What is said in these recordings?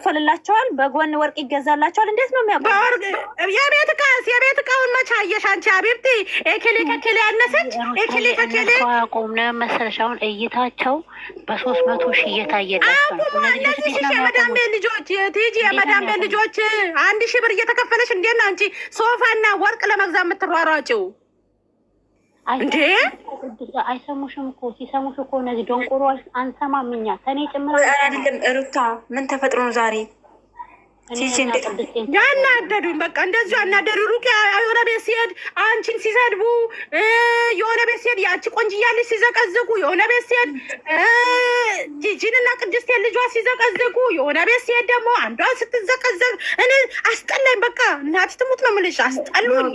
ይከፈልላቸዋል፣ በጎን ወርቅ ይገዛላቸዋል። እንዴት ነው የሚያውቁ? የቤት ዕቃ የቤት ዕቃውን መቼ አየሽ አንቺ አቢብቲ? ኤክሌ ከኬሌ ያነሰች ኤክሌ ከኬሌ ቁም ነው መሰለሽ። አሁን እይታቸው በሶስት መቶ ሺ እየታየላቸው የመዳሜ ልጆች ቲጂ የመዳሜ ልጆች አንድ ሺ ብር እየተከፈለች እንዴት ነው አንቺ ሶፋና ወርቅ ለመግዛት የምትሯሯጭው? እንዴ አይሰሙሽም እኮ ሲሰሙሽ እኮ እነዚህ ደንቆሮዎች አንሰማም እኛ ከኔ ጭምር አይደለም ሩታ ምን ተፈጥሮ ነው ዛሬ ያናደዱኝ በቃ እንደዚሁ ያናደዱ። ሩቅ የሆነ ቤት ሲሄድ አንቺን ሲሰድቡ፣ የሆነ ቤት ሲሄድ ያቺ ቆንጅያለች ሲዘቀዝቁ፣ የሆነ ቤት ሲሄድ ጂጂንና ቅድስት ልጇ ሲዘቀዝቁ፣ የሆነ ቤት ሲሄድ ደግሞ አንዷ ስትዘቀዘቅ፣ እኔ አስጠላኝ። በቃ እናት ትሙት ነው የምልሽ፣ አስጠሉኝ።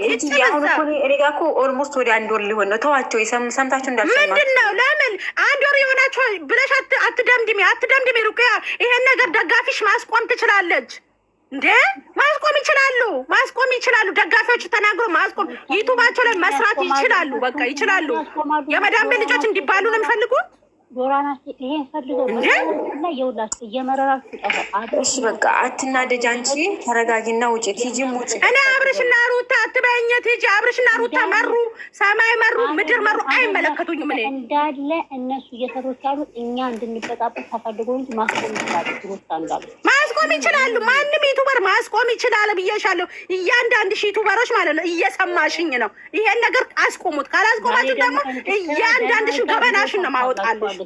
ኦልሞስት ወደ አንድ ወር ሊሆን ነው። ተዋቸው። ሰምታችሁ እንዳል ምንድን ነው ለምን አንድ ወር የሆናቸው ብለሽ አትደምድሜ አትደምድሜ። ሩቅ ይሄን ነገር ደጋፊሽ ማስቆም ትችላለች። እንዴ ማስቆም ይችላሉ፣ ማስቆም ይችላሉ። ደጋፊዎች ተናግሮ ማስቆም ዩቱባቸው ላይ መስራት ይችላሉ። በቃ ይችላሉ። የመዳም ልጆች እንዲባሉ ነው የሚፈልጉ እሺ በቃ አትናደጅ። አንቺ ተረጋጊና ውጭ ቲጂም ውጭ እኔ አብርሽና ሩታ አትበይኝ። ቲጂ አብርሽና ሩታ መሩ፣ ሰማይ መሩ፣ ምድር መሩ፣ አይመለከቱኝም። እኔ እንዳለ እነሱ እየሰሩት ያሉ እኛ እንድንበጣበት ተፈልጎ እንጂ ማስቆም ይችላሉ። ሩታ እንዳሉ ማስቆም ይችላሉ። ማንም ዩቱበር ማስቆም ይችላል ብዬሻለሁ። እያንዳንድ ሺ ዩቱበሮች ማለት ነው እየሰማሽኝ ነው። ይሄን ነገር አስቆሙት። ካላስቆማችሁ ደግሞ እያንዳንድ እያንዳንድሽን ገበናሽን ነው ማወጣለሽ።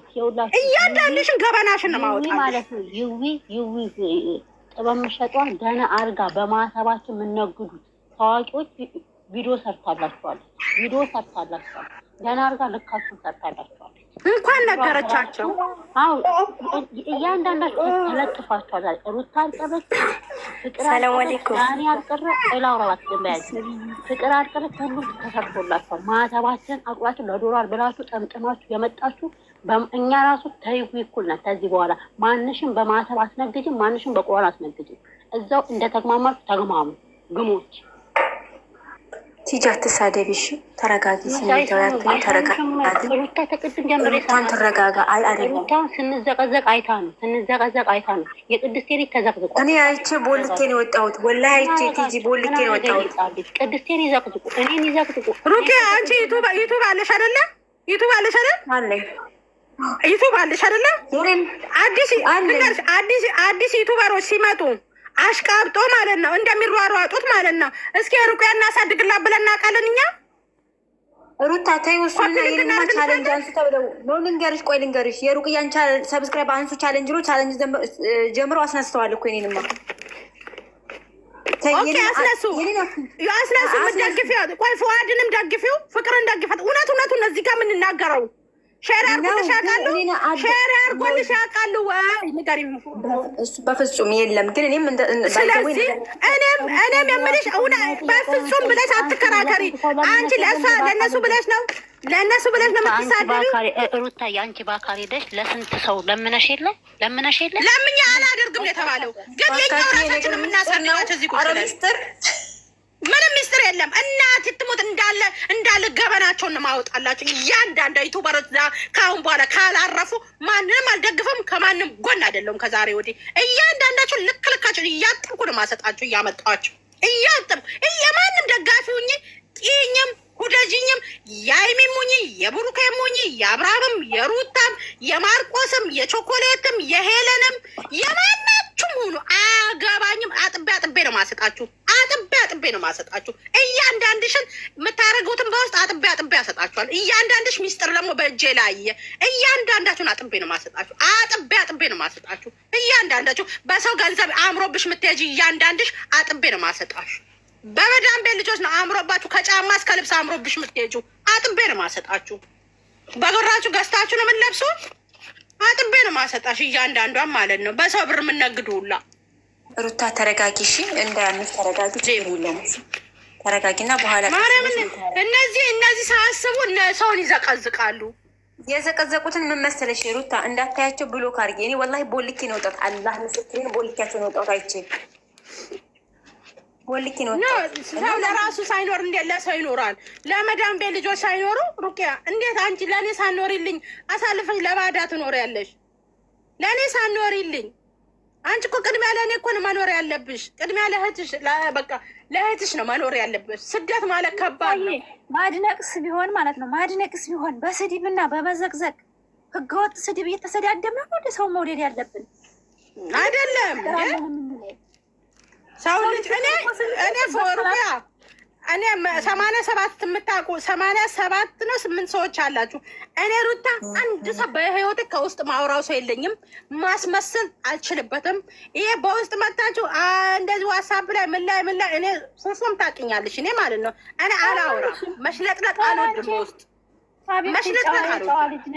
እያንዳንድሽን ገበናሽን ነው ማወጣለሽ። ይዊ ይዊ ጥበብ ደህና አርጋ በማህተባችን የምነግዱት ታዋቂዎች ቪዲዮ ሰርታላችኋል። ቪዲዮ ሰርታላችኋል። ደህና አርጋ ልካችሁ ሰርታላችኋል። እንኳን ነገረቻቸው። አዎ እያንዳንዳቸው ተለጥፏቸዋል። ሩታ አልቀረች፣ ፍቅር ዳኒ አልቀረ፣ ላውራባት ግመያጅ ፍቅር አልቀረ። ሁሉም ተሰርቶላቸዋል። ማተባችን አቁራችን ለዶላር ብላችሁ ጠምጥማችሁ የመጣችሁ እኛ ራሱ ተይጉ ይኩል ናት። ከዚህ በኋላ ማንሽም በማተብ አስነግጅም፣ ማንሽም በቁራን አስነግጅም። እዛው እንደ እንደተግማማችሁ ተግማሙ ግሞች ቲጂ አትሳደቢ፣ እሺ ተረጋጊ። ስሜታዊ አትሁን፣ ተረጋጊ። ሩታን ትረጋጋ። አይ አይደለም፣ ስንዘቀዘቅ አይታ ነው፣ ስንዘቀዘቅ አይታ ነው። የቅድስቴ ልጅ ተዘቅዝቆ እኔ አይቼ ቦልኬ ነው የወጣሁት ወላሂ፣ አይቼ ቲጂ ቦልኬ ቦልቴን የወጣሁት ቅድስቴን ይዘቅዝቁ፣ እኔን ይዘቅዝቁ። ሩቴ አንቺ ዩቱብ ዩቱብ አለሽ አይደለ? ዩቱብ አለሽ አይደል? አለ ዩቱብ አለሽ አይደለ? አዲስ አዲስ አዲስ ዩቱበሮች ሲመጡ አሽቃብጦ ማለት ነው እንደሚሯሯጡት ማለት ነው። እስኪ ሩቅ ያናሳድግላ ብለን እናውቃለን እኛ ሩታ ተይው፣ እሱን የልማ ቻለንጅ አንሱ ተብለው ነው። ልንገርሽ፣ ቆይ ልንገርሽ፣ የሩቅያን ሰብስክራይብ አንሱ ቻለንጅ ብሎ ቻለንጅ ጀምሮ አስነስተዋል እኮ የእኔንማ። አስነሱ አስነሱ፣ ደግፊ፣ ቆይ ፍዋድንም ደግፊው፣ ፍቅርን ደግፈት። እውነት እውነቱን እዚህ ጋር የምንናገረው ሼር አድርጎልሽ አውቃለሁ ወይ ንገሪኝ። እሱ በፍጹም የለም ግን እኔም ስለዚህ እኔም እኔም የምልሽ በፍጹም ብለሽ አትከራከሪ። አንቺ ለእሷ ለእነሱ ብለሽ ነው ለእነሱ ብለሽ ነው የምትሳደቢው። ሩታዬ አንቺ በአካል ሄደሽ ለስንት ሰው ለምነሽ የለ ለምነሽ የለ ለምኛ አላደርግም የተባለው ግን የኛው ራሳችን የምናሳንናቸው እዚህ ቁጭ ምንም አይደለም እናት ትሞት እንዳለ እንዳለ ገበናቸውን ማወጣላቸው እያንዳንዱ ዩቱበሮች ከአሁን በኋላ ካላረፉ ማንንም አልደግፈም፣ ከማንም ጎን አይደለም። ከዛሬ ወዲህ እያንዳንዳቸውን ልክ ልካቸውን እያጠብኩ ነው ማሰጣቸው እያመጣቸው እያጥም እየማንም ደጋፊ ሁኝ ጤኝም ሁደጅኝም የአይሚም ሁኝ የቡሩኬም ሁኝ የአብርሃምም የሩታም የማርቆስም የቾኮሌትም የሄለንም የማናችሁም ሁኑ አገባኝም። አጥቤ አጥቤ ነው ማሰጣችሁ። አጥቤ አጥቤ ነው ማሰጣችሁ። እያንዳንድሽን የምታደርጉትን በውስጥ አጥቤ አጥቤ ያሰጣችኋል። እያንዳንድሽ ሚስጥር ደግሞ በእጄ ላየ እያንዳንዳችሁን አጥቤ ነው ማሰጣችሁ። አጥቤ አጥቤ ነው ማሰጣችሁ። እያንዳንዳችሁ በሰው ገንዘብ አእምሮብሽ የምትሄጂ እያንዳንድሽ አጥቤ ነው ማሰጣችሁ። በመዳም ልጆች ነው አእምሮባችሁ፣ ከጫማ እስከ ልብስ አእምሮብሽ የምትሄጁ አጥቤ ነው ማሰጣችሁ። በግራችሁ ገዝታችሁ ነው የምንለብሱ አጥቤ ነው ማሰጣሽ። እያንዳንዷን ማለት ነው በሰው ብር የምነግዱ ሁላ ሩታ ተረጋጊ፣ እሺ እንዳያምሽ ተረጋጊ። ተረጋጊና በኋላ ማርያምን እነዚህ እነዚህ ሳያስቡ ሰውን ይዘቀዝቃሉ። የዘቀዘቁትን ምን መሰለሽ ሩታ እንዳታያቸው ብሎክ አድርጌ እኔ ወላሂ ቦልኬ ነው ጠት አላህ ምስክሬን ቦልኬያቸው ነው ጠት አይቼ ቦልኬ ነው ሰው ለራሱ ሳይኖር እንዴት ለሰው ይኖራል? ለመዳም ቤት ልጆች ሳይኖሩ ሩቅያ እንዴት አንቺ ለእኔ ሳኖሪልኝ አሳልፈሽ ለባዳ ትኖር ያለሽ ለእኔ ሳኖሪልኝ አንቺ እኮ ቅድሚያ ለእኔ እኮ ነው መኖር ያለብሽ። ቅድሚያ ለእህትሽ በቃ ለእህትሽ ነው መኖር ያለብሽ። ስደት ማለት ከባድ ነው። ማድነቅስ ቢሆን ማለት ነው ማድነቅስ ቢሆን በስድብና በመዘቅዘቅ ህገወጥ ስድብ እየተሰዳደመ ነው ወደ ሰው መውደድ ያለብን አይደለም። ሰው ልጅ እኔ እኔ ፎርሙያ እኔ ሰማንያ ሰባት የምታውቁ ሰማንያ ሰባት ነው ስምንት ሰዎች አላችሁ። እኔ ሩታ አንድ ሰው በህይወት ከውስጥ ማውራው ሰው የለኝም። ማስመስል አልችልበትም። ይሄ በውስጥ መታችሁ እንደዚህ ዋሳብ ላይ ምን ላይ ምን ላይ እኔ ሱሱም ታውቂኛለሽ። እኔ ማለት ነው እኔ አላውራ መሽለጥለጥ አልወድም። በውስጥ መሽለጥለጥ አልወድም።